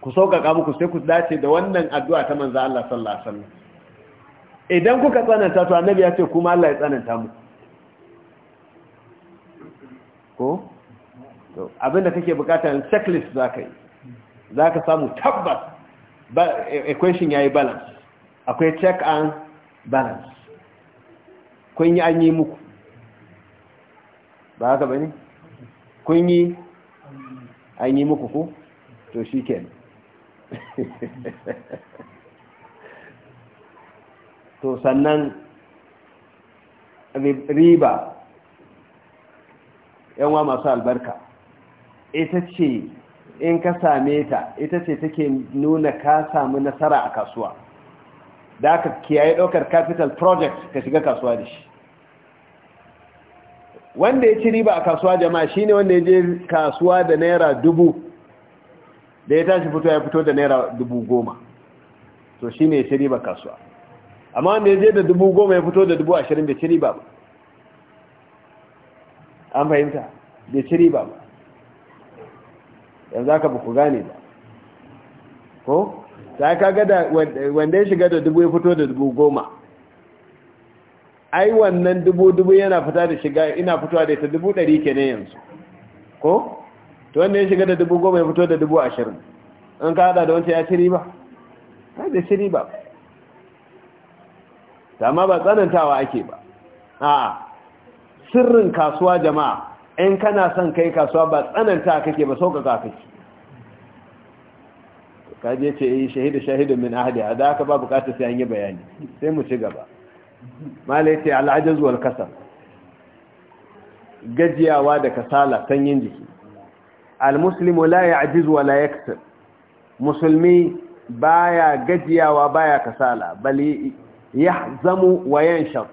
ku sauƙaƙa muku sai ku dace da wannan addu'a ta manzo Allah sallallahu alaihi wasallam idan kuka tsananta to annabi ya ce kuma Allah ya tsananta mu ko to abinda kake bukata checklist zaka yi zaka samu tabbas equation yayi balance akwai check and balance kun yi an yi muku ba haka bane kun yi an yi muku ko to shikenan to sannan riba yanwa masu albarka ita ce in ka same ta ita ce take nuna ka samu nasara a kasuwa da aka kiyaye ɗaukar capital project ka shiga kasuwa da shi wanda ya ci riba a kasuwa jama'a shi ne wanda ya je kasuwa da naira dubu da ya tashi fito ya fito da naira dubu goma to shi ne ya ci riba kasuwa amma wanda ya je da dubu goma ya fito da dubu ashirin bai ciri ba ba an fahimta bai ciri ba ba yanzu aka ba ku gane ba ko ta kaga da wanda ya shiga da dubu ya fito da dubu goma ai wannan dubu dubu yana fita da shiga ina fitowa da ita dubu ɗari ne yanzu ko to wanda ya shiga da dubu goma ya fito da dubu ashirin in ka hada da wancan ya ciri ba ba da ba ba. amma ba tsanantawa ake ba a sirrin kasuwa jama'a in kana son kai kasuwa ba tsananta kake ba sauƙaƙa kake kaje ce yi eh, shahidu shahida min ahadi a za ba bukatar sai an yi bayani sai mu ci gaba malai ce al'ajaz wal kasar gajiyawa da kasala sanyin jiki al-muslimu la ya'jiz wa la yaksir musulmi baya gajiyawa baya kasala bali Zamo wa yanshab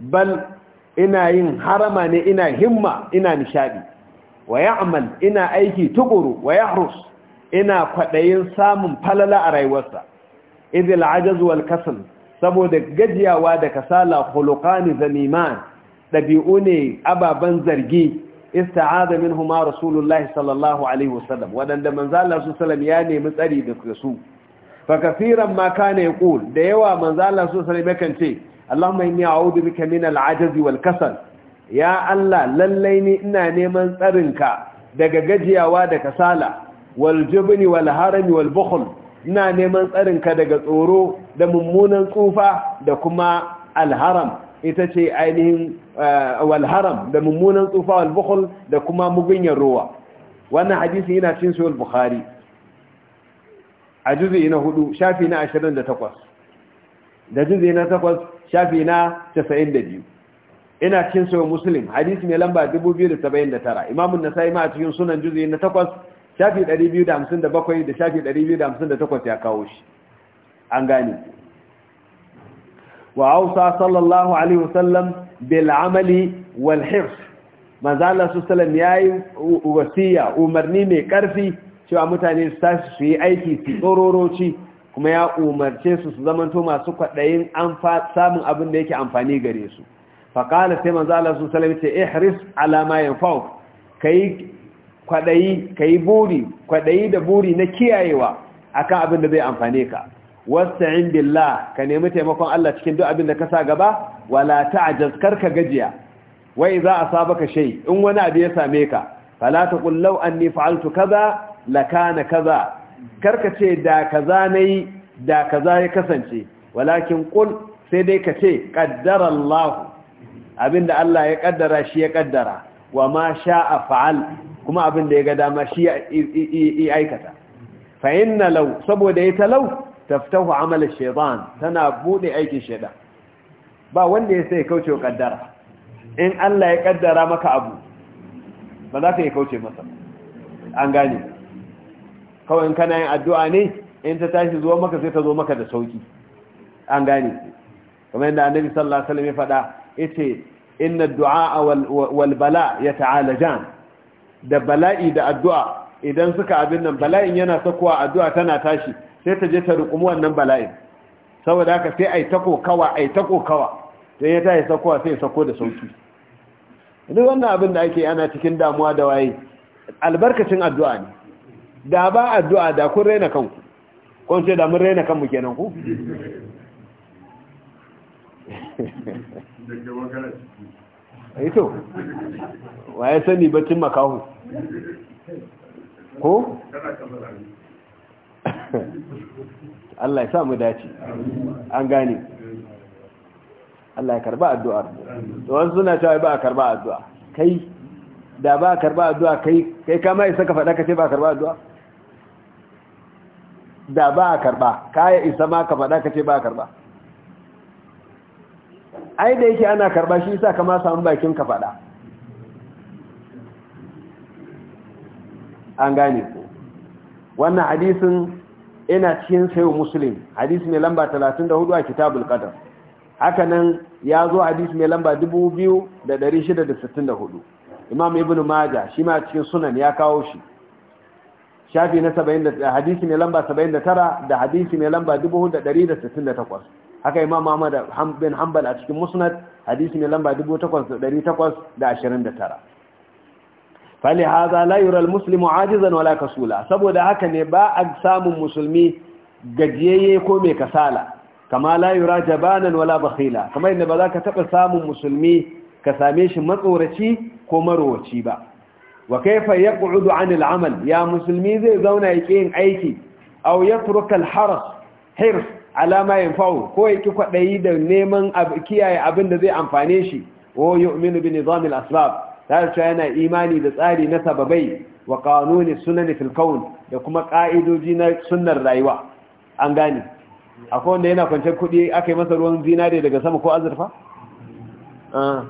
bal ina yin harama ne ina himma ina nishadi wa ya'mal ina aiki tukuru wa yahrus ina kwadayin samun falala a rayuwarsa idil ajaz wal kasal saboda gajiyawa da kasala khuluqani zaniman dabi'u ne ababan zargi ista'ada minhuma rasulullahi sallallahu alaihi wasallam wadanda manzo Allah sallallahu alaihi wasallam ya nemi tsari da su fa kaseeran ma kana yaqul da yawa manzo Allah sallallahu alaihi ce Allahumma inni a'udhu bika min al-'ajzi wal kasal ya Allah lallai ni ina neman tsarinka daga gajiyawa da kasala wal jubni wal harami wal bukhl ina neman tsarinka daga tsoro da mummunan tsufa da kuma alharam ita ce ainihin eh, walharam da mummunan tsufa walbukhul da kuma mugunyar ruwa wannan hadisi yana cin sahih bukhari a juzi na hudu shafi na ashirin da takwas da juzi na takwas shafi na casa'in da biyu ina cikin sayo muslim hadisi mai lamba dubu biyu da saba'in da tara imamun na sa'ima a cikin sunan juzi na takwas shafi ɗari biyu da hamsin da bakwai da shafi ɗari biyu da hamsin da takwas ya kawo shi an gane wa hausa sallallahu alaihi wasallam bil amali wal hirs manzo Allah sallallahu alaihi wasallam wasiya umarni mai karfi cewa mutane su tashi su yi aiki su tsororoci kuma ya umarce su su zamanto masu kwaɗayin samun abin da yake amfani gare su faƙala sai manzo Allah su salami ce ihris ala ma yanfa'u kai kwaɗayi kai buri kwaɗayi da buri na kiyayewa akan abin da zai amfane ka wasta'in billah ka nemi taimakon Allah cikin duk abin da ka sa gaba wala ta'jaz karka gajiya wai za a saba shay in wani abu ya same ka fala taqul law anni fa'altu kaza lakana kaza karka ce da kaza nayi da kaza ya kasance walakin qul sai dai ka ce Allah abinda Allah ya kaddara shi ya kaddara wa ma sha'a fa'al kuma abinda ya ga dama shi ya aikata fa inna law saboda ita law taftahu amal shaytan tana bude aikin shaytan ba wanda ya sai kauce kaddara in Allah ya kaddara maka abu ba za ka yi kauce masa an gane kawai in kana yin addu'a ne in ta tashi zuwa maka sai ta zo maka da sauki an gane kamar yadda annabi sallallahu alaihi wasallam ya faɗa yace inna du'a wal bala yata'alajan da bala'i da addu'a idan suka abin nan bala'in yana sakuwa addu'a tana tashi sai ta je ta rukumu wannan bala'in saboda haka sai ai tako kawa ai tako kawa sai ya tashi sakuwa sai ya sako da sauki duk wannan abin da ake ana cikin damuwa da waye albarkacin addu'a ne da ba addu'a da kun raina kanku kun ce da mun raina kanmu kenan ku ito eh wa ya sani bacin makahu ko? Allah ya sa mu dace an gane Allah ya karba addu'ar to wasu suna cewa ba a karba addu'a kai da ba a karba addu'a kai kai kama isa ka faɗa ka ce ba a karba addu'a da ba a karba kaya isa ma ka faɗa ka ce ba a karba ai da yake ana karba shi isa kama samu bakin ka faɗa an gane ku wannan hadisin ina cikin sayo musulun. hadisi mai lamba 34 a kitabul qadar haka nan ya zo hadisi mai lamba 2664 imam ibn maja shi ma cikin sunan ya kawo shi shafi na 70 hadisi mai lamba 79 da hadisi mai lamba takwas. haka imam Ahmad bin Hanbal a cikin Musnad hadisi mai lamba tara. fali hadha la yura al-muslimu ajizan wala kasula saboda haka ne ba a samun musulmi gajiyayye ko mai kasala kama la yura jabanan wala bakhila kamar yadda ba za ka taba samun musulmi ka same shi matsoraci ko marowaci ba wa kaifa yaq'udu anil amal ya musulmi zai zauna yake yin aiki aw yatruka al-haras hirs ala ma yanfa'u ko yake kwadayi da neman kiyaye abin da zai amfane shi wa yu'minu bi nizam al-asbab sai yana imani da tsari na sababai wa qanuni sunani fil da kuma ka'idoji na sunnar rayuwa an gane akwai wanda yana kwance kudi aka yi masa ruwan zinare daga sama ko azurfa? Ah.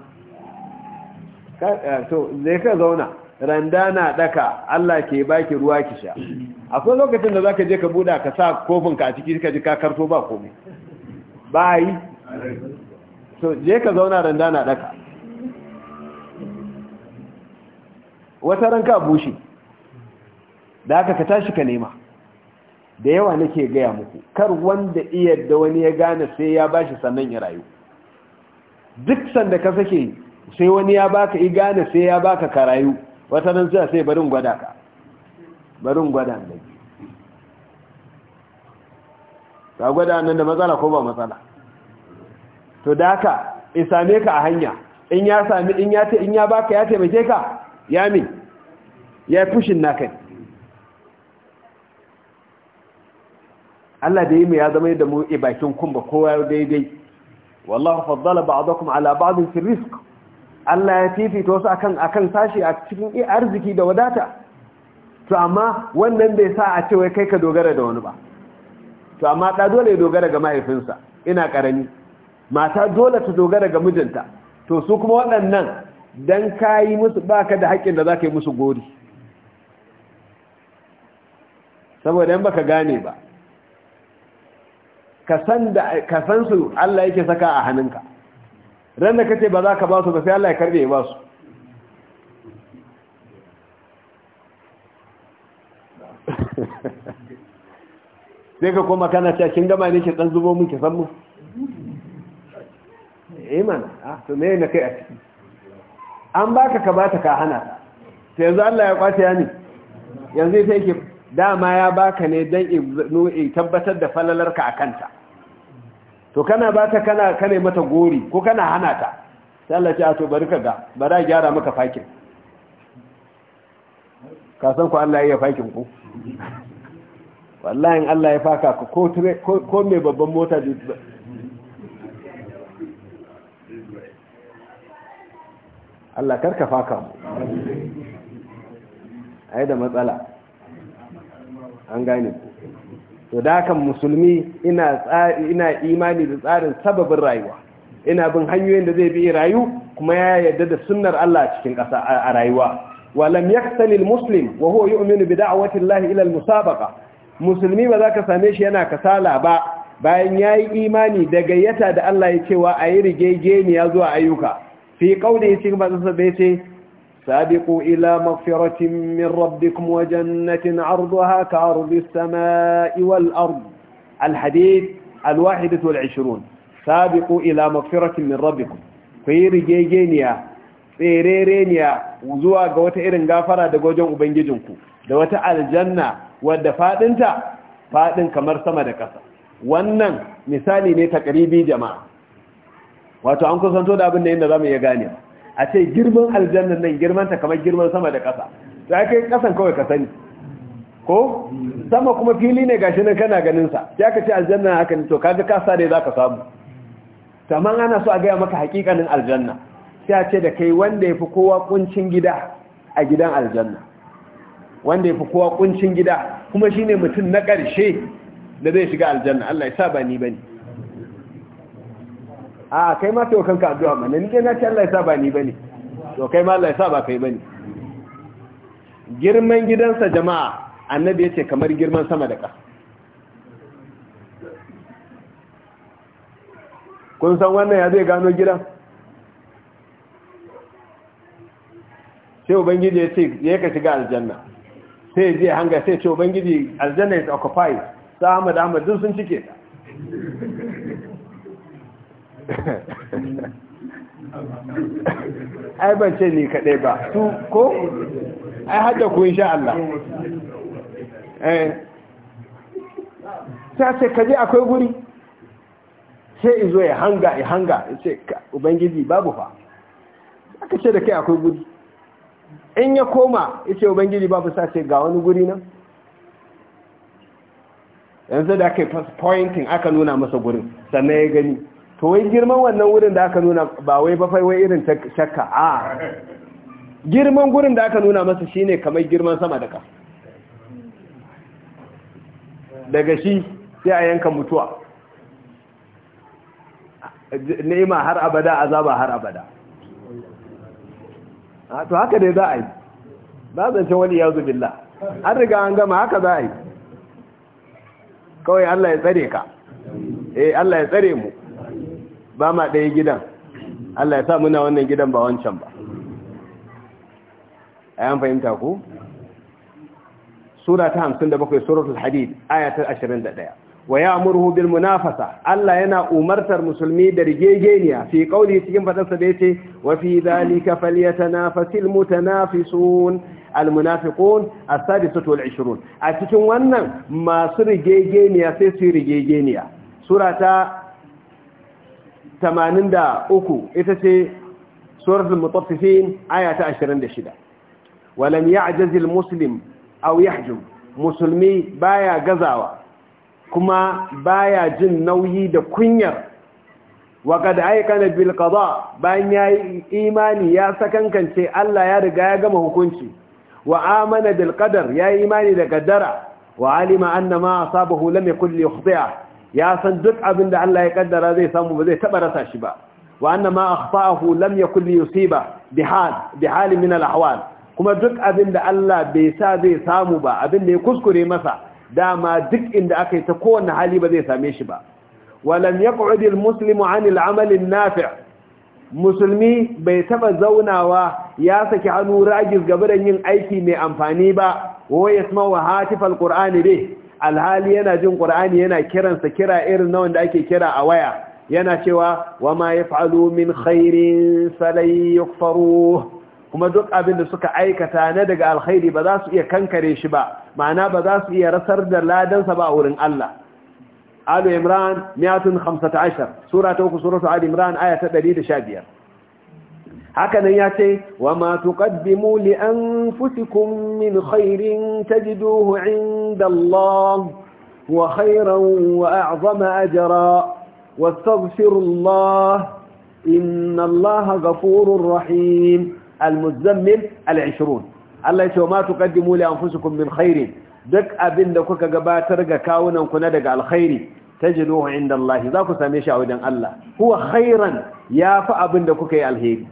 Eh, to zai ka zauna randa na daka Allah ke baki ruwa ki sha akwai lokacin da zaka je ka buda ka sa kofin ka a ciki ka ji ka karto ba komai ba yi so je ka zauna randa na daka wata ranka bushe da haka ka tashi ka nema da yawa nake gaya muku kar wanda iya da wani ya gane sai ya bashi sannan ya rayu duk sanda ka sake sai wani ya baka i gane sai ya baka ka rayu wata nan sai sai barin gwada ka barin gwada da ke ta gwada nan da matsala ko ba matsala to da haka in same ka a hanya in ya sami in ya ce in ya baka ya taimake ka ya min ya fushin naka Allah da yi mai ya zama yadda mu bakin kumba kowa daidai wallahu faddala ba'dakum ala ba'din fi rizq Allah ya fifita wasu akan akan sashi a cikin arziki da wadata to amma wannan bai sa a ce wai kai ka dogara da wani ba to amma da dole ya dogara ga mahaifinsa ina karami mata dole ta dogara ga mijinta to su kuma waɗannan dan kayi musu baka da haƙƙin da zaka yi musu gori saboda in baka gane ba ka san su Allah yake saka a hannunka ran da kace ba za ka ba su ba sai Allah ya karbe ya ba su sai ka koma kana cewa kin gama ne ki dan zubo mun ki san mu eh mana ah to me ne kai a ciki an baka ka bata ka hana sai yanzu Allah ya kwace ya ne yanzu sai ke dama ya baka ne dan in tabbatar da falalarka a kanta to kana ba ta kana kane mata gori ko kana hana ta sai Allah ce to bari ka ga bara gyara maka fakin ka san ku Allah ya fakin ku wallahi Allah ya faka ku ko ko me babban mota Allah kar ka faka mu ai da matsala an gane ku to da kan musulmi ina imani da tsarin sababin rayuwa ina bin hanyoyin da zai bi rayu kuma ya yarda da sunnar Allah cikin ƙasa a rayuwa wa lam yaktali almuslim wa huwa yu'minu bi da'wati Allah ila almusabaqa musulmi ba za ka same shi yana kasala ba bayan yayi imani da gayyata da Allah ya cewa ayi rigegeniya zuwa ayyuka fi qawli cikin bazansa da yace سابقوا إلى مغفرة من ربكم وجنة عرضها كعرض السماء والأرض الحديث الواحدة والعشرون سابقوا إلى مغفرة من ربكم خير جيجينيا tserereniya zuwa ga wata irin gafara daga wajen ubangijinku da wata aljanna wadda faɗinta, fadin kamar sama da ƙasa wannan misali ne takribi jama'a wato an kusanto da abin da yadda za iya gane a ce girman aljannan nan girman ta kamar girman sama da ƙasa to ai kai ƙasan kawai ka sani ko sama kuma fili ne gashi nan kana ganin sa sai ka ce aljanna haka ne to kaga ka sa dai zaka samu kaman ana so a gaya maka hakikanin aljanna sai a ce da kai wanda yafi kowa kuncin gida a gidan aljanna wanda yafi kowa kuncin gida kuma shine mutum na ƙarshe da zai shiga aljanna Allah ya sa ba ni bane a kai ma sai kanka addu'a mana ni dai na ce Allah ya sa ba ni bane to kai ma Allah ya sa ba kai bane girman gidansa jama'a annabi yace kamar girman sama da ƙasa kun san wannan ya zai gano gidan sai ubangiji ya ce ya ka shiga aljanna sai je hanga sai ce ubangiji aljanna is occupied sa ahmad ahmad duk sun cike ta ai ban ce ni kaɗai ba su ko ai hada ku insha Allah eh sai sai kaje akwai guri sai izo ya hanga ya hanga ya ce ubangiji babu fa aka ce da kai akwai guri in ya koma ya ce ubangiji babu sa ce ga wani guri nan yanzu da aka yi pointing aka nuna masa gurin sannan ya gani to wai girman wannan wurin da aka nuna ba wai ba fai wai irin shakka a girman gurin da aka nuna masa shine kamar girman sama da ƙasa daga shi sai a yanka mutuwa ni'ima har abada azaba har abada to haka dai za a yi ba zance wani ya zubilla an riga an gama haka za a yi kawai Allah ya tsare ka eh Allah ya tsare mu ba ma ɗaya gidan Allah ya sa muna wannan gidan ba wancan ba a yan fahimta ku? sura ta hamsin da bakwai suratul hadid ayatar ashirin da ɗaya wa ya murhu bil munafasa Allah yana umartar musulmi da rigegeniya fi kauli cikin fadarsa da yace wa fi dhalika falyatanafasil mutanafisun almunafiqun as-sadisatu wal 20 a cikin wannan masu rigegeniya sai su rigegeniya sura ta 83 ita ce surat al-mutaffifin aya ta 26 walam ya'jaz al-muslim aw yahjum muslimi baya gazawa kuma baya jin nauyi da kunyar wa kad aykana bil qada bayan yayi imani ya sakankance Allah ya riga ya gama hukunci wa amana bil qadar yayi imani daga dara. wa alima anna ma asabahu lam yakul yukhti'a ya san duk abin da Allah ya kaddara zai samu ba zai taba rasa shi ba wa anna ma akhfa'ahu lam yakul yusiba bihal bihal min al kuma duk abin da Allah bai sa zai samu ba abin da ya kuskure masa dama duk inda aka yi ta kowanne hali ba zai same shi ba wa lam yaq'ud al-muslimu 'an al-'amal nafi musulmi bai taba zaunawa ya saki hannu ragis gaba da yin aiki mai amfani ba wa yasma wa hatifal qur'ani dai alhali yana jin qur'ani yana kiransa kira irin na wanda ake kira a waya yana cewa ya yaf'alu min khairin ya faru? kuma duk abin da suka aikata na daga alkhairi ba za su iya kankare shi ba ma'ana ba za su iya rasar da ladansa ba a wurin Allah Alu Imran 115 sura ta 3 suratu Ali Imran aya ta 115 hakanan ya ce wa ma tuqaddimu an anfusikum min khairin tajiduhu inda Allah wa khairan wa a'zama wa wastaghfirullah inna Allah ghafurur rahim al-muzammil al Allah ce wa ma tuqaddimu li min khairin duk abin da kuka gabatar ga kawunanku na daga alkhairi tajiduhu inda Allah za ku same shi a wajen Allah huwa khairan fi abin da kuka yi alheri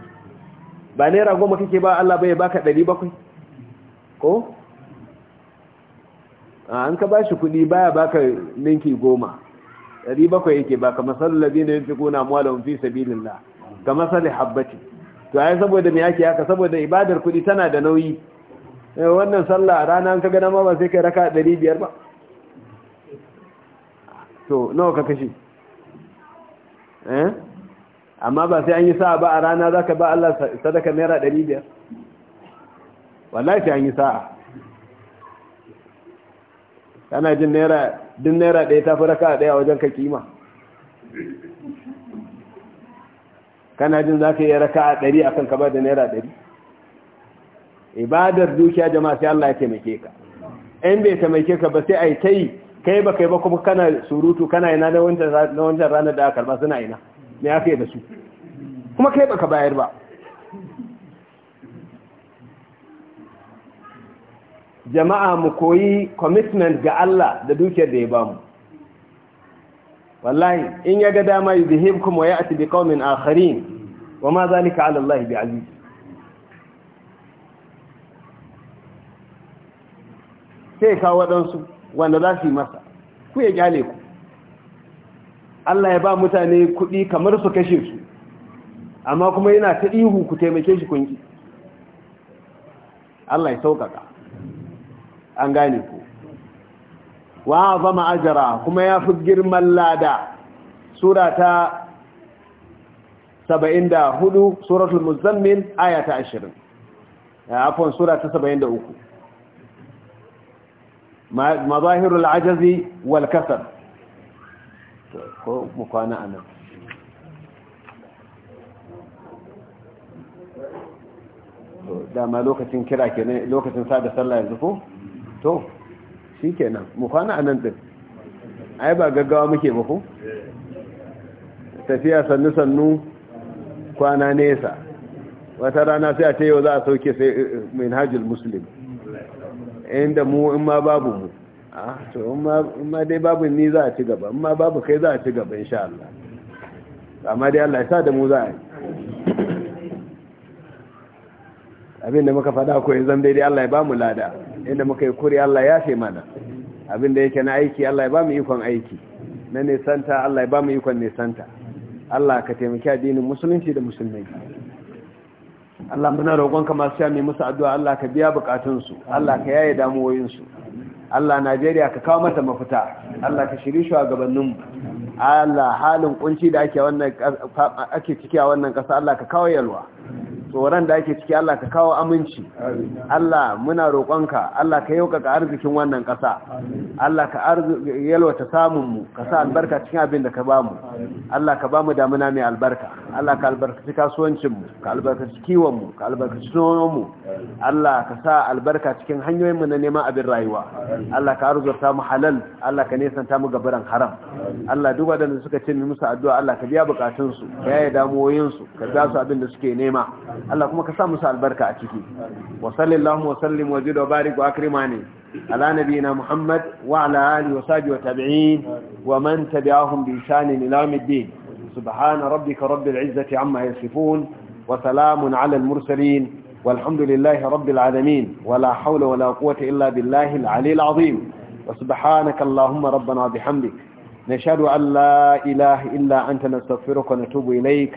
ba naira goma kake ba Allah bai baka ɗari bakwai ko an ka bashi kuɗi baya baka ninki goma ɗari bakwai yake baka masal ladina kuna amwalahum fi sabilillah ka masal habbati to ai saboda me ake haka saboda ibadar kuɗi tana da nauyi eh, wannan sallah rana an ka gana ma ba sai kai raka ɗari biyar ba to nawa ka kashe eh amma ba sai an yi sa'a ba a rana za ka ba Allah sadaka naira ɗari biyar wallahi sai an yi sa'a kana jin naira din naira ɗaya ta fi raka a ɗaya wajen ka kima kana jin za ka yi raka a ɗari akan ka ba da naira ɗari ibadar dukiya jama'a sai Allah ya taimake ka in bai taimake ka ba sai a yi ta yi kai ba kai ba kuma kana surutu kana yana na wancan ranar da aka karba suna ina me aka yi da su kuma kai baka bayar ba jama'a mu koyi commitment ga Allah da dukiyar da ya bamu wallahi in ya ga dama ya ya ati bi qaumin akharin wa ma zalika 'ala Allah aziz sai ka waɗansu wanda za su yi masa ku ya gyale ku Allah ya ba mutane kuɗi kamar su kashe su amma kuma yana ta ihu ku taimake shi kunki Allah ya sauƙaƙa an gane ku wa zama ajara kuma ya fi girman lada sura ta 74 suratul muzammil aya ta 20 afwan sura ta 73 mazahirul ajazi wal kasar ko mu kwana a nan dama lokacin kira kenan lokacin sada sallah yanzu ko to shi kenan mu kwana a nan din ai ba gaggawa muke ba ko tafiya sannu sannu kwana nesa wata rana sai a ce yau za a sauke sai eh, eh, hajjul musulun inda mu in ma babu mu Ah, to ma dai babu ni za a ci gaba amma babu kai za a ci gaba insha Allah amma dai Allah ya sa da mu za a abin da muka faɗa ko zan dai Allah ya ba mu lada inda muka yi kuri Allah ya fi mana abin da yake na aiki Allah ya ba mu ikon aiki na nisanta Allah ya ba mu ikon nisanta Allah ka taimaki addinin musulunci da musulmai Allah muna roƙonka masu ya mai musu addu'a Allah ka biya buƙatunsu. Allah ka yaye damuwoyinsu Allah Najeriya ka kawo mata mafita Allah ka shiri shi a gabaninmu Allah halin ƙunci da ake ciki a wannan ƙasa Allah ka kawo yalwa tsoron da ake ciki Allah ka kawo aminci Allah muna roƙonka Allah ka yaukaka arzikin wannan ƙasa Allah ka yalwata samunmu ka sa albarka cikin abin da ka bamu Allah ka bamu damuna mai albarka Allah ka albarkaci kasuwancinmu ka albarkaci kiwonmu ka albarkaci nomanmu Allah ka sa albarka cikin hanyoyinmu na neman abin rayuwa Allah ka arzuta mu halal Allah ka nesanta mu gabaran haram Allah duk wadanda suka ce mu musu addu'a Allah ka biya bukatunsu ka yaya damuwoyinsu ka ba su abin da suke nema Allah kuma ka sa musu albarka a ciki wa sallallahu wa sallim wa jida barik wa akrimani ala nabiyina muhammad wa ala alihi wa sahbihi wa tabi'in wa man tabi'ahum bi ihsan ila yawmiddin subhana rabbika rabbil izzati amma yasifun wa salamun ala al mursalin والحمد لله رب العالمين ولا حول ولا قوة إلا بالله العلي العظيم وسبحانك اللهم ربنا بحمدك نشهد أن لا إله إلا أنت نستغفرك ونتوب إليك